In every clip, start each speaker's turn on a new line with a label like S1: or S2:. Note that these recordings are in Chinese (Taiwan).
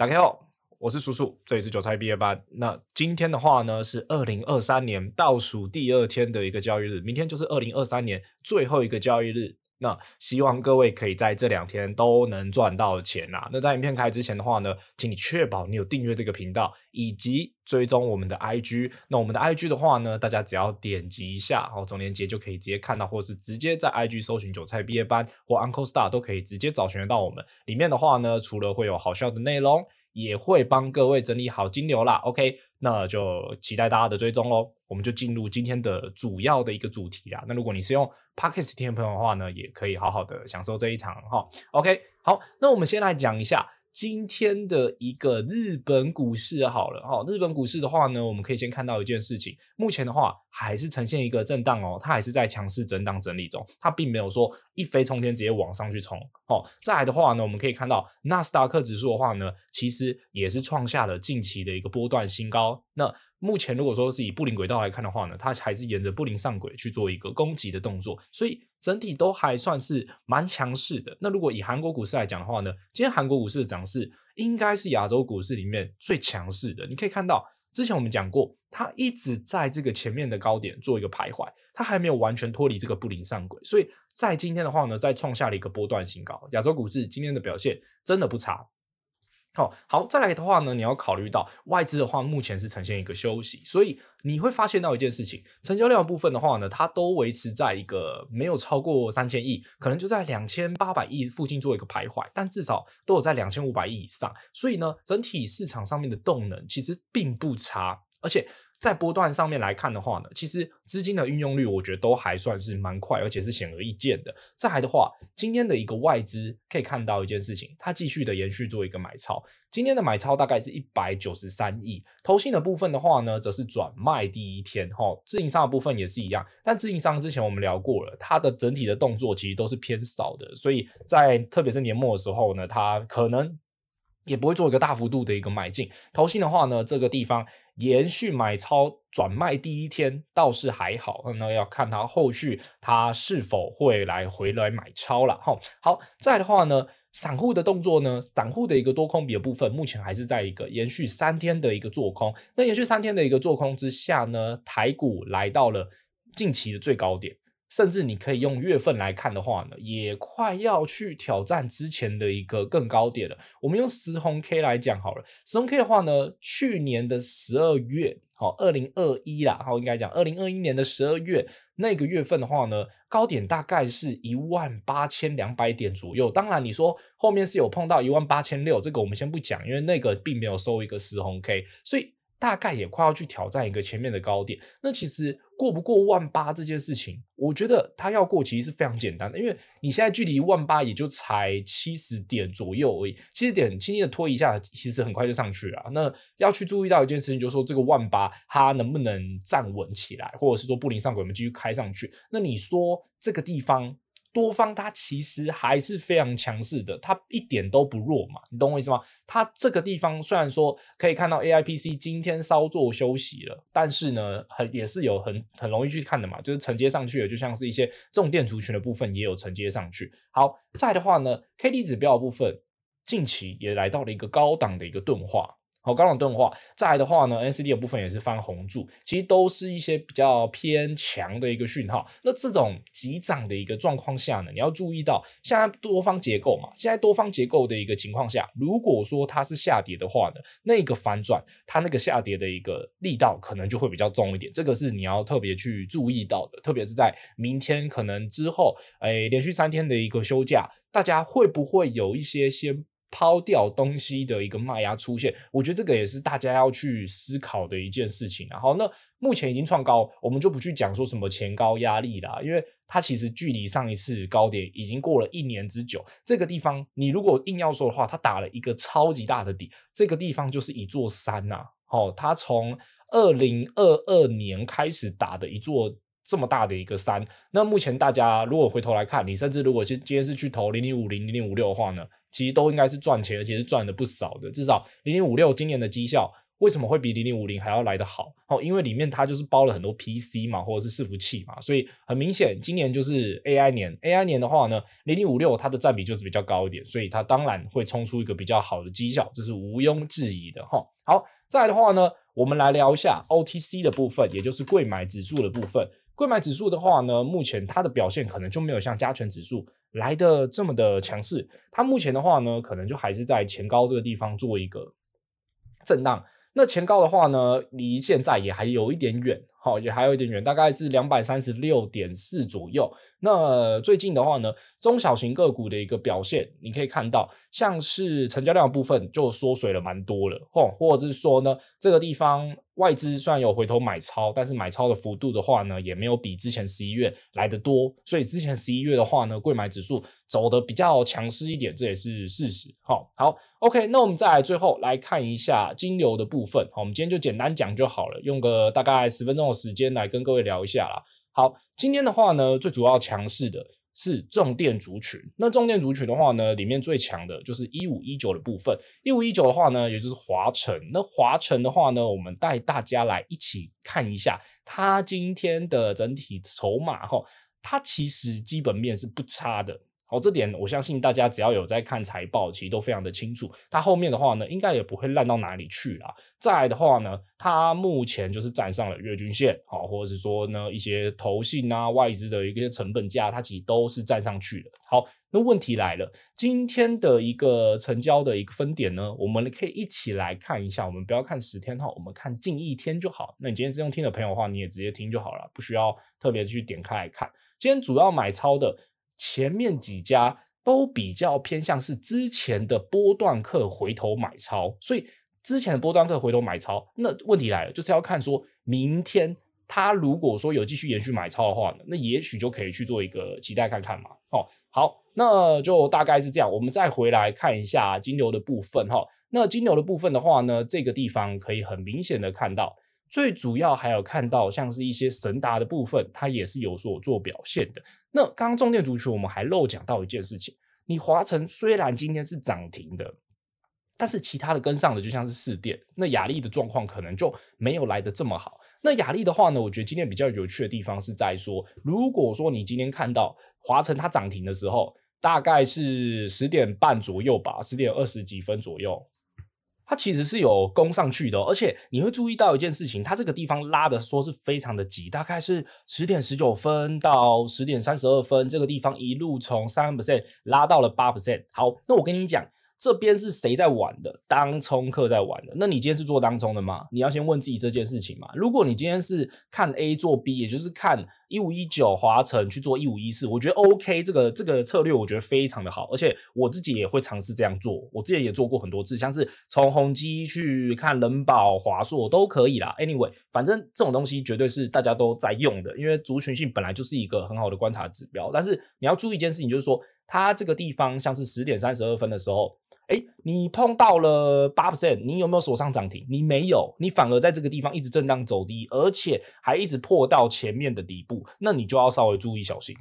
S1: 大家好，我是叔叔，這裡是韭菜畢業班。那今天的話呢，是二零二三年倒數第二天的一個交易日，明天就是二零二三年最後一個交易日。那希望各位可以在這兩天都能賺到錢啦、啊！那在影片開始之前的話呢，請你確保你有訂閱這個頻道以及追蹤我們的 IG。那我們的 IG 的話呢，大家只要點擊一下哦，總連結就可以直接看到，或者是直接在 IG 搜尋“韭菜畢業班”或 “Uncle Stock” 都可以直接找尋得到我們。裡面的話呢，除了會有好笑的內容。也會幫各位整理好金流啦，OK，那就期待大家的追蹤咯，我們就進入今天的主要的一個主題啦。那如果你是用 Podcast 聽的朋友的話呢，也可以好好的享受這一場哈。OK，好，那我們先來講一下。今天的一個日本股市好了哈，哦，日本股市的話呢，我們可以先看到一件事情，目前的話還是呈現一個震盪哦，它還是在強勢震盪整理中，它並沒有說一飛沖天直接往上去衝哦。再來的話呢，我們可以看到納斯達克指數的話呢，其實也是創下了近期的一個波段新高。那目前如果說是以布林軌道來看的話呢，它還是沿着布林上軌去做一個攻擊的動作，所以整體都還算是蠻強勢的。那如果以韓國股市來講的話呢，今天韓國股市的漲勢應該是亞洲股市裡面最強勢的。你可以看到，之前我們講過，它一直在這個前面的高點做一個徘徊，它還沒有完全脫離這個布林上軌，所以在今天的話呢，再創下了一個波段新高。亞洲股市今天的表現真的不差。好，哦，好，再來的話呢，你要考慮到外資的話，目前是呈現一個休息，所以你會發現到一件事情，成交量的部分的話呢，它都維持在一個沒有超過三千億，可能就在兩千八百億附近做一個徘徊，但至少都有在兩千五百億以上，所以呢，整體市場上面的動能其實並不差，而且。在波段上面來看的話呢，其實資金的運用率，我覺得都還算是蠻快，而且是顯而易見的。再來的話，今天的一個外資可以看到一件事情，它繼續的延續做一個買超。今天的買超大概是一百九十三億。投信的部分的話呢，則是轉賣第一天哈、哦，自營商的部分也是一樣。但自營商之前我們聊過了，它的整體的動作其實都是偏少的，所以在特別是年末的時候呢，它可能也不會做一個大幅度的一個買進。投信的話呢，這個地方。延續買超轉賣第一天倒是還好，那要看他後續他是否會來回來買超了哈。好，再來的話呢，散戶的動作呢，散戶的一個多空比的部分，目前還是在一個延續三天的一個做空。那延續三天的一個做空之下呢，台股來到了近期的最高點。甚至你可以用月份來看的話呢，也快要去挑戰之前的一個更高點了。我們用十紅 K 來講好了，十紅 K 的話呢，去年的十二月，好，二零二一啦，好應該講二零二一年的十二月那個月份的話呢，高點大概是一萬八千兩百點左右。當然你說後面是有碰到一萬八千六，這個我們先不講，因為那個並沒有收一個十紅 K，所以。大概也快要去挑戰一個前面的高點，那其實過不過萬八這件事情，我覺得它要過其實是非常簡單的，因為你現在距離萬八也就才七十點左右而已，七十點輕輕的拖一下，其實很快就上去了。那要去注意到一件事情，就是說這個萬八它能不能站穩起來，或者是說布林上軌我們繼續開上去？那你說這個地方，多方它其實還是非常強勢的，它一點都不弱嘛，你懂我意思嗎？它這個地方雖然說可以看到 AIPC 今天稍作休息了，但是呢，很也是有很很容易去看的嘛，就是承接上去的，就像是一些重電族群的部分也有承接上去。好，再的話呢，KD 指標的部分近期也來到了一個高檔的一個鈍化。好，高檔鈍化，再來的話呢，NCD 的部分也是翻紅柱，其實都是一些比較偏強的一個訊號。那這種急漲的一個狀況下呢，你要注意到，現在多方結構嘛，現在多方結構的一個情況下，如果說它是下跌的話呢，那個反轉它那個下跌的一個力道可能就會比較重一點，這個是你要特別去注意到的，特別是在明天可能之後，哎、欸，連續三天的一個休假，大家會不會有一些先拋掉東西的一個賣壓出現，我覺得這個也是大家要去思考的一件事情啊。然後，那目前已經創高，我們就不去講說什麼前高壓力啦，因為它其實距離上一次高點已經過了一年之久。這個地方，你如果硬要說的話，它打了一個超級大的底，這個地方就是一座山吶啊。好，哦，它從二零二二年開始打的一座這麼大的一個山。那目前大家如果回頭來看，你甚至如果是今天是去投零零五零零零五六的話呢，其實都應該是賺錢，而且是賺的不少的。至少零零五六今年的績效為什麼會比零零五零還要來得好？因為裡面它就是包了很多 PC 嘛，或者是伺服器嘛，所以很明顯，今年就是 AI 年。AI 年的話呢，零零五六它的占比就是比較高一點，所以它當然會衝出一個比較好的績效，這是毋庸置疑的哈。好，再來的話呢，我們來聊一下 OTC 的部分，也就是櫃買指數的部分。櫃買指數的話呢，目前它的表現可能就沒有像加權指數來得這麼的強勢。它目前的話呢，可能就還是在前高這個地方做一個震盪。那前高的話呢，離現在也還有一點遠。好，也還有一點遠，大概是兩百三十六點四左右。那最近的話呢，中小型個股的一個表現，你可以看到，像是成交量的部分就縮水了蠻多了，哦，或者是說呢，這個地方外資雖然有回頭買超，但是買超的幅度的話呢，也沒有比之前十一月來得多。所以之前十一月的話呢，櫃買指數走得比較強勢一點，這也是事實。好，好，OK，那我們再來最後來看一下金流的部分。好，我們今天就簡單講就好了，用個大概十分鐘。時間來跟各位聊一下啦。好，今天的話呢，最主要強勢的是重電族群。那重電族群的話呢，裡面最強的就是一五一九的部分。一五一九的話呢，也就是華城。那華城的話呢，我們帶大家來一起看一下它今天的整體籌碼哈。它其實基本面是不差的。哦，這點我相信大家只要有在看財報，其實都非常的清楚。它後面的話呢，應該也不會爛到哪裡去啦。再來的話呢，它目前就是站上了月均線，好，或者是說呢，一些投信啊外資的一個成本價，它其實都是站上去的。好，那問題來了，今天的一個成交的一個分點呢，我們可以一起來看一下。我們不要看十天哈，我們看近一天就好。那你今天是用聽的朋友的話，你也直接聽就好了，不需要特別去點開來看。今天主要買超的。前面幾家都比較偏向是之前的波段客回頭買超，所以之前的波段客回頭買超。那問題來了，就是要看說明天他如果說有繼續延續買超的話，那也許就可以去做一個期待看看嘛。哦，好，那就大概是這樣，我們再回來看一下金流的部分哈。那金流的部分的話呢，這個地方可以很明顯的看到。最主要還有看到像是一些神達的部分，它也是有所做表現的。那剛剛重電族群，我們還漏講到一件事情，你華城雖然今天是漲停的，但是其他的跟上的就像是四電，那亞力的狀況可能就沒有來得這麼好。那亞力的話呢，我覺得今天比較有趣的地方是在說，如果說你今天看到華城它漲停的時候，大概是十點半左右吧，十點二十幾分左右。它其實是有攻上去的，而且你會注意到一件事情，它這個地方拉得說是非常的急，大概是十點十九分到十點三十二分，這個地方一路從三 percent 拉到了八 percent。好，那我跟你講。這邊是誰在玩的？當沖客在玩的。那你今天是做當沖的嗎？你要先問自己這件事情嘛。如果你今天是看 A 做 B，也就是看一五一九華城去做一五一四，我覺得 OK，這個這個策略我覺得非常的好，而且我自己也會嘗試這樣做。我自己也做過很多次，像是從宏碁去看仁寶、華碩都可以啦。Anyway，反正這種東西絕對是大家都在用的，因為族群性本來就是一個很好的觀察指標。但是你要注意一件事情，就是說它這個地方像是十點三十二分的時候。哎、欸，你碰到了八 percent，你有沒有鎖上漲停？你沒有，你反而在這個地方一直震盪走低，而且還一直破到前面的底部，那你就要稍微注意小心。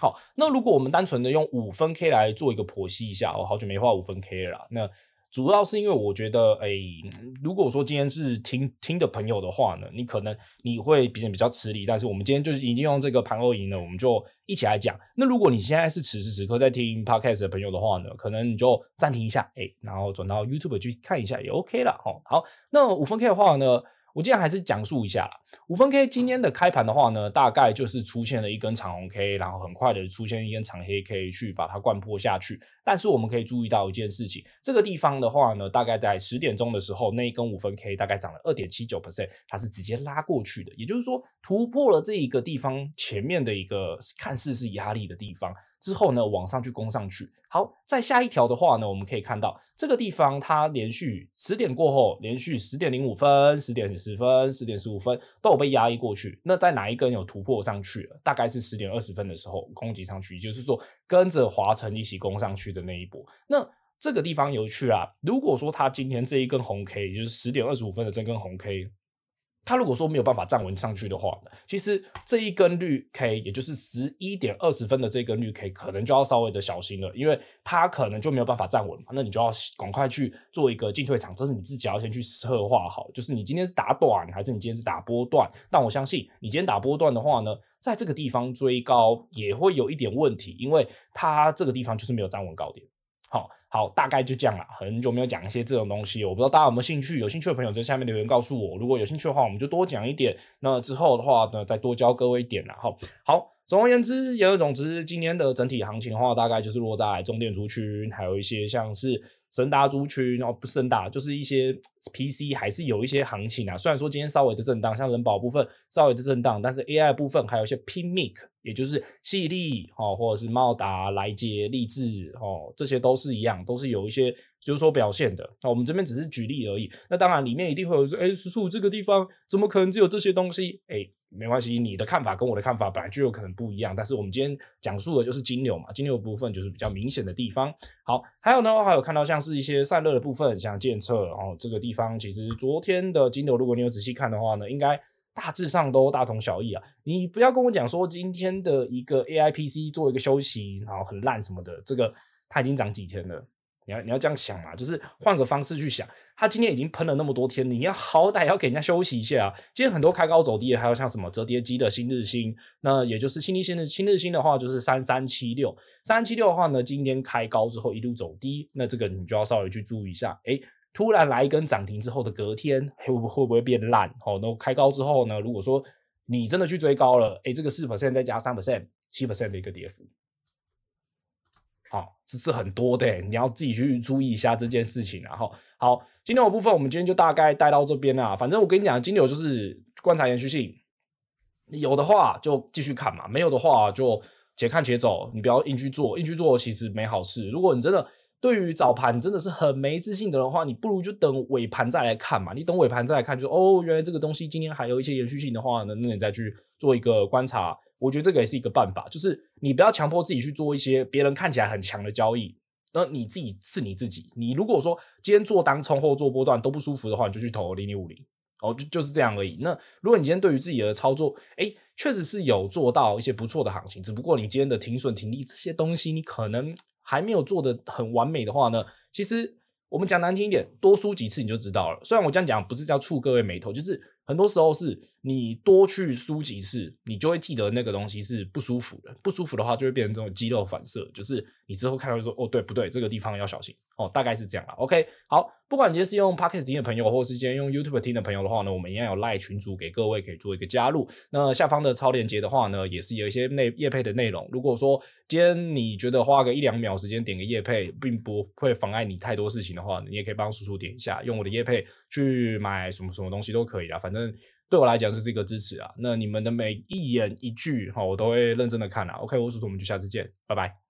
S1: 好，那如果我們單純的用五分 K 來做一個剖析一下，我好久沒畫五分 K 了啦，那。主要是因為我覺得，哎、欸，如果說今天是聽聽的朋友的話呢，你可能你會比較比較吃力，但是我們今天就是已經用這個盤歐贏了，我們就一起來講。那如果你現在是此時此刻在聽 podcast 的朋友的話呢，可能你就暫停一下，哎、欸，然後轉到 YouTube 去看一下也 OK 了，哦。好，那五分 K 的話呢？我竟然還是講述一下了，五分 K 今天的開盤的話呢，大概就是出現了一根長紅 K，然後很快的出現一根長黑 K 去把它灌破下去。但是我們可以注意到一件事情，這個地方的話呢，大概在十點鐘的時候，那一根五分 K 大概漲了二點七九 percent，它是直接拉過去的，也就是說突破了這一個地方前面的一個看似是壓力的地方。之後呢，往上去攻上去。好，在下一條的話呢，我們可以看到這個地方它連續十點過後，連續十點零五分、十點十分、十點十五分都有被壓抑過去。那在哪一根有突破上去了？大概是十點二十分的時候攻擊上去，也就是說跟着華城一起攻上去的那一波。那這個地方有趣啊，如果說它今天這一根紅 K，也就是十點二十五分的這根紅 K。他如果說沒有辦法站穩上去的話呢，其實這一根綠 K，也就是十一點二十分的這根綠 K，可能就要稍微的小心了，因為它可能就沒有辦法站穩嘛。那你就要趕快去做一個進退場，這是你自己要先去策劃好。就是你今天是打短，還是你今天是打波段？但我相信你今天打波段的話呢，在這個地方追高也會有一點問題，因為它這個地方就是沒有站穩高點。好好，大概就這樣了。很久沒有講一些這種東西，我不知道大家有沒有興趣。有興趣的朋友在下面留言告訴我。如果有興趣的話，我們就多講一點。那之後的話呢，再多教各位一點啦。好，好，總而言之，言而總之，今年的整體行情的話，大概就是落在重電族群，還有一些像是。神達族群，哦，不是神達，就是一些 PC，還是有一些行情啊。雖然說今天稍微的震盪，像仁寶部分稍微的震盪，但是 AI 部分還有一些 PMIC，也就是矽力哦，或者是茂達、來接力智哦，這些都是一樣，都是有一些就是說表現的。那我們這邊只是舉例而已。那當然裡面一定會有說，哎、欸，叔叔這個地方怎麼可能只有這些東西？哎、欸，沒關係，你的看法跟我的看法本來就有可能不一樣。但是我們今天講述的就是金流嘛，金流部分就是比較明顯的地方。好，還有呢，我還有看到像。是一些散熱的部分，想監測，然後，哦，這個地方其實昨天的金牛，如果你有仔細看的話呢，應該大致上都大同小異啊。你不要跟我講說今天的一個 AIPC 做一個休息，然後，哦，很爛什麼的，這個它已經漲幾天了。你要你要這樣想嘛，就是換個方式去想。他今天已經噴了那麼多天了，你要好歹要給人家休息一下啊。今天很多開高走低的，還有像什麼折疊機的新日興，那也就是新日興的。新日興的話就是三三七六，三三七六的話呢，今天開高之後一路走低，那這個你就要稍微去注意一下。哎、欸，突然來一根漲停之後的隔天，欸、會不會變爛？哦、喔，那開高之後呢，如果說你真的去追高了，哎、欸，這個四%再加三%、七%的一個跌幅。好，這是很多的，你要自己去注意一下這件事情。然後，好，金牛的部分我們今天就大概帶到這邊啦、啊、反正我跟你講，金牛就是觀察延續性，有的話就繼續看嘛，沒有的話就且看且走。你不要硬去做，硬去做其實沒好事。如果你真的對於早盤真的是很沒自信的話，你不如就等尾盤再來看嘛。你等尾盤再來看，就哦，原來這個東西今天還有一些延續性的話呢，那那你再去做一個觀察。我覺得這個也是一個辦法，就是你不要強迫自己去做一些別人看起來很強的交易，那你自己是你自己。你如果說今天做當沖或做波段都不舒服的話，你就去投零零五零哦，就、就是這樣而已。那如果你今天對於自己的操作，哎、欸，確實是有做到一些不錯的行情，只不過你今天的停損停利這些東西，你可能還沒有做得很完美的話呢，其實我們講難聽一點，多輸幾次你就知道了。雖然我這樣講不是叫觸各位霉頭，就是很多時候是。你多去輸幾次，你就會記得那個東西是不舒服的。不舒服的話，就會變成這種肌肉反射，就是你之後看到就說，哦，對不對？這個地方要小心哦，大概是這樣了。OK，好，不管你今天是用 Podcast 聽的朋友，或是今天用 YouTube 聽的朋友的話呢，我們一樣有 LINE 群組給各位可以做一個加入。那下方的超鏈接的話呢，也是有一些內業配的內容。如果說今天你覺得花個一兩秒時間點個業配，並不會妨礙你太多事情的話，你也可以幫叔叔點一下，用我的業配去買什麼什麼東西都可以啦。反正。對我來講就是這個支持啊，那你們的每一言一句，哈，我都會認真的看啊。OK，我是叔叔，我們就下次見，拜拜。